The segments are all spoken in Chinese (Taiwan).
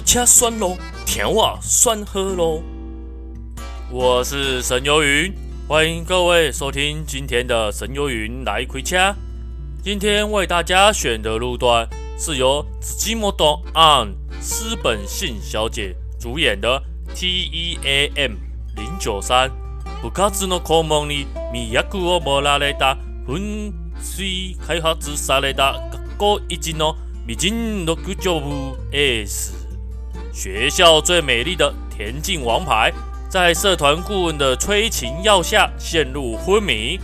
吃酸咯，甜話酸喝咯。我是神遊雲，歡迎各位收聽今天的神遊雲來開車。今天為大家選的路段是由紫金魔動按辻本杏小姐主演的 TEAM 零九三。學校最美麗的田徑王牌，在社團顧問的催情藥下陷入昏迷。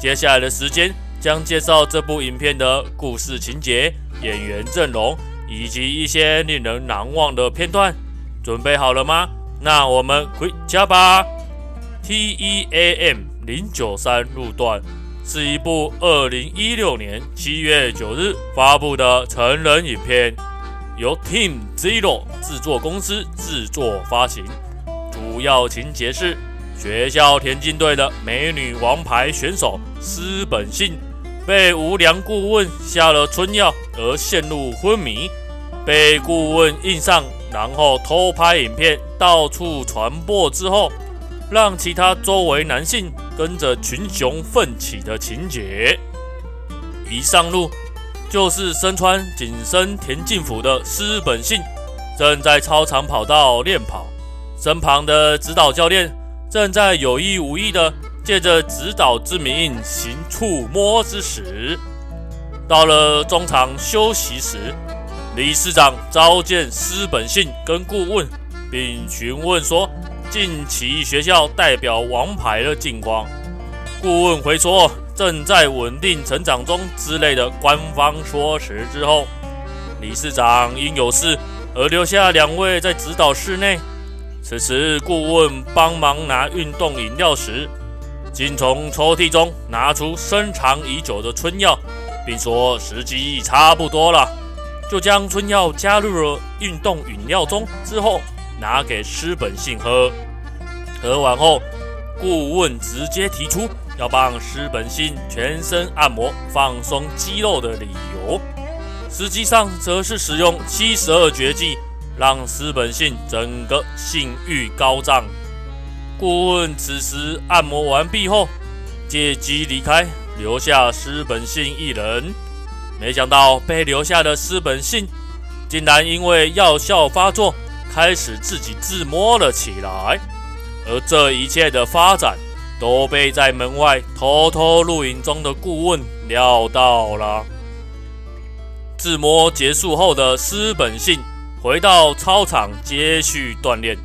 接下來的時間將介紹這部影片的故事情節、演員陣容以及一些令人難忘的片段。準備好了嗎？那我們回家吧。T E A M 零九三路段是一部二零一六年七月九日發布的成人影片。由 Team Zero 制作公司制作發行，主要情節是學校田徑隊的美女王牌選手辻本杏被無良顧問下了春藥而陷入昏迷，被顧問硬上，然後偷拍影片到處傳播之後，讓其他周圍男性跟着群雄奮起的情節。一上路。就是身穿緊身田徑服的辻本杏，正在操場跑道練跑，身旁的指導教練正在有意無意的借着指導之名行觸摸之時，到了中場休息時，理事長召見辻本杏跟顧問，並詢問說近期學校代表王牌的近況，顧問回說。正在穩定成長中之類的官方說辭之後，理事長因有事而留下兩位在指導室內。此時顧問幫忙拿運動飲料時，竟從抽屜中拿出深藏已久的春藥，並說時機差不多了，就將春藥加入了運動飲料中，之後拿給辻本杏喝。喝完後。顧問直接提出要幫辻本杏全身按摩放鬆肌肉的理由，實際上則是使用七十二絕技讓辻本杏整個性慾高漲。顧問此時按摩完畢後，借機離開，留下辻本杏一人。沒想到被留下的辻本杏竟然因為藥效發作，開始自己自摸了起來。而這一切的發展都被在門外偷偷錄影中的顧問料到了。自摸結束後的辻本杏回到操場接續鍛鍊，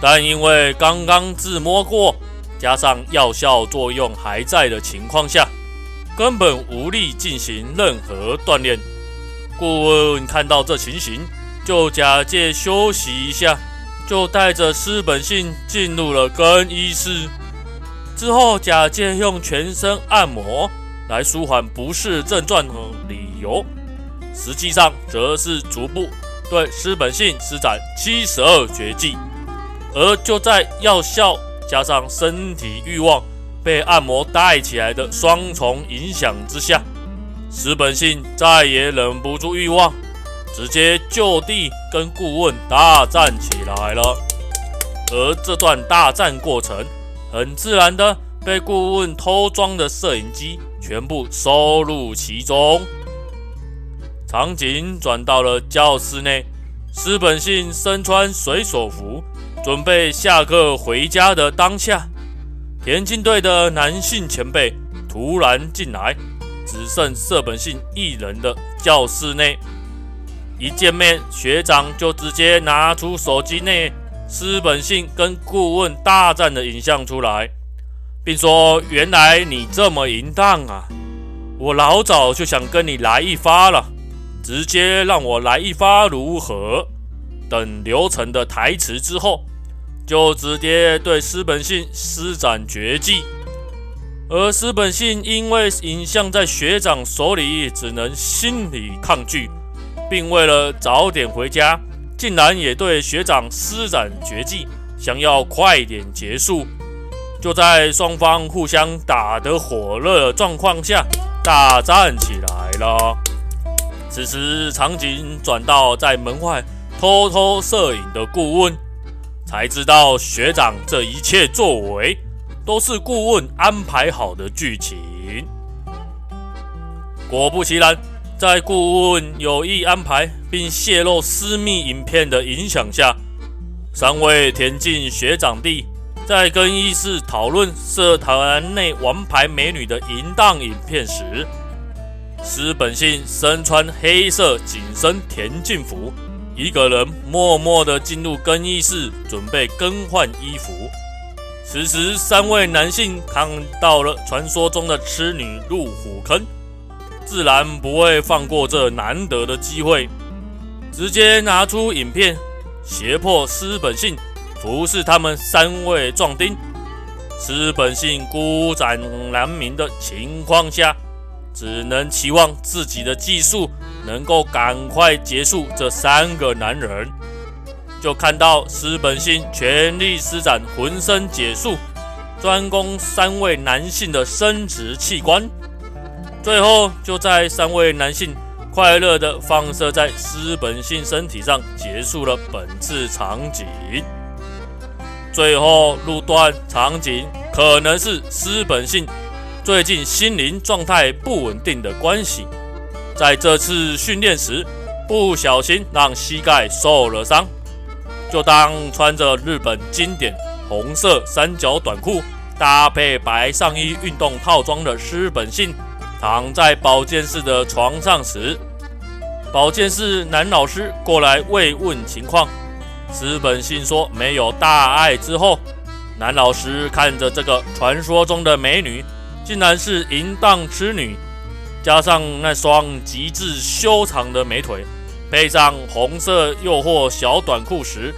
但因為剛剛自摸過，加上藥效作用還在的情況下，根本無力進行任何鍛鍊。顧問看到這情形，就假借休息一下，就帶着辻本杏進入了更衣室，之後假借用全身按摩來舒緩不適症狀的理由，實際上則是逐步對辻本杏施展七十二絕技。而就在藥效加上身體慾望被按摩帶起來的雙重影響之下，辻本杏再也忍不住慾望。直接就地跟顧問大戰起來了，而這段大戰過程，很自然的被顧問偷裝的攝影機全部收入其中。場景轉到了教室內，辻本杏身穿水手服，準備下課回家的當下，田徑隊的男性前輩突然進來，只剩辻本杏一人的教室內。一見面，學長就直接拿出手機內辻本杏跟顧問大戰的影像出來，並說：“原來你這麼淫蕩啊！我老早就想跟你來一發了，直接讓我來一發如何？”等流程的台詞之後，就直接對辻本杏施展絕技，而辻本杏因為影像在學長手裡，只能心裡抗拒。並為了早點回家，竟然也對學長施展絕技，想要快點結束。就在雙方互相打得火熱的狀況下，大戰起來了。此時場景轉到在門外偷偷攝影的顧問，才知道學長這一切作為都是顧問安排好的劇情。果不其然。在顧問有意安排並洩露私密影片的影響下，三位田徑學長弟在更衣室討論社團內王牌美女的淫蕩影片時，辻本杏身穿黑色緊身田徑服，一個人默默地進入更衣室準備更換衣服。此時，三位男性看到了傳說中的痴女入虎坑。自然不會放過這難得的機會，直接拿出影片脅迫辻本杏服侍他們三位壯丁。辻本杏孤掌難鳴的情況下，只能期望自己的技術能夠趕快結束這三個男人。就看到辻本杏全力施展渾身解數，專攻三位男性的生殖器官。最後，就在三位男性快樂地放射在辻本杏身體上，結束了本次場景。最後路段場景可能是辻本杏最近心靈狀態不穩定的關係，在這次訓練時不小心讓膝蓋受了傷。就當穿着日本經典紅色三角短褲搭配白上衣運動套裝的辻本杏。躺在保健室的床上時，保健室男老師過來慰問情況。石本信說沒有大礙之後，男老師看着這個傳說中的美女，竟然是淫蕩痴女，加上那雙極致修長的美腿，配上紅色誘惑小短褲時，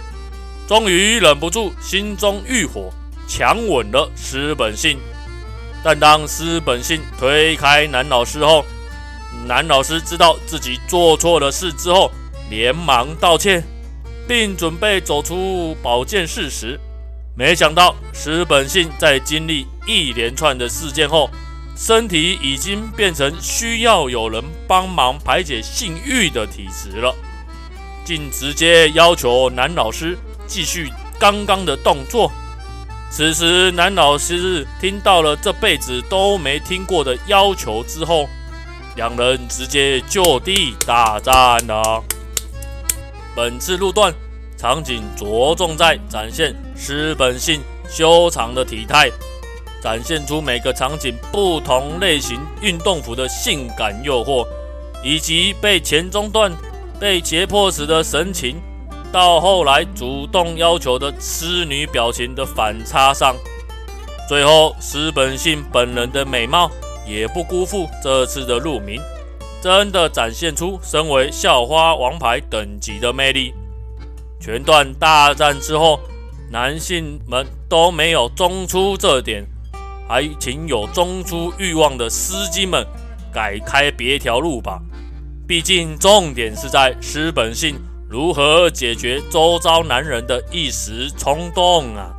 終於忍不住心中欲火，強吻了石本信。但當辻本杏推開男老師後，男老師知道自己做錯了事之後，連忙道歉，並準備走出保健室時，沒想到辻本杏在經歷一連串的事件後，身體已經變成需要有人幫忙排解性欲的體質了，竟直接要求男老師繼續剛剛的動作。此時，男老師聽到了這輩子都沒聽過的要求之後，兩人直接就地大戰了。本次路段場景着重在展現辻本杏修長的體態，展現出每個場景不同類型運動服的性感誘惑，以及被前中段被脅迫時的神情。到後來，主動要求的痴女表情的反差上，最後辻本杏本人的美貌也不辜負這次的入名，真的展現出身為校花王牌等級的魅力。全段大戰之後，男性們都沒有中出這點，還請有中出欲望的司機們改開別條路吧。畢竟重點是在辻本杏。如何解決周遭男人的一時衝動啊？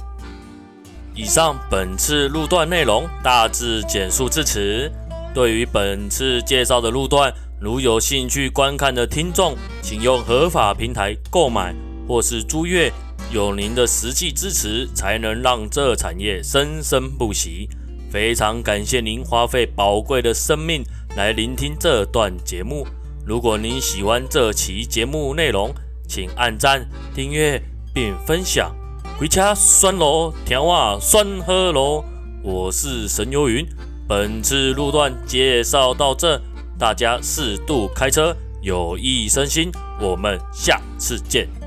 以上本次路段內容大致簡述至此。對於本次介紹的路段，如有興趣觀看的聽眾，請用合法平台購買或是租閱。有您的實際支持，才能讓這產業生生不息。非常感謝您花費寶貴的生命來聆聽這段節目。如果您喜歡這期節目內容，請按讚、訂閱並分享。回家酸路，調話酸喝路。我是神游雲，本次路段介紹到這，大家適度開車，有益身心。我們下次見。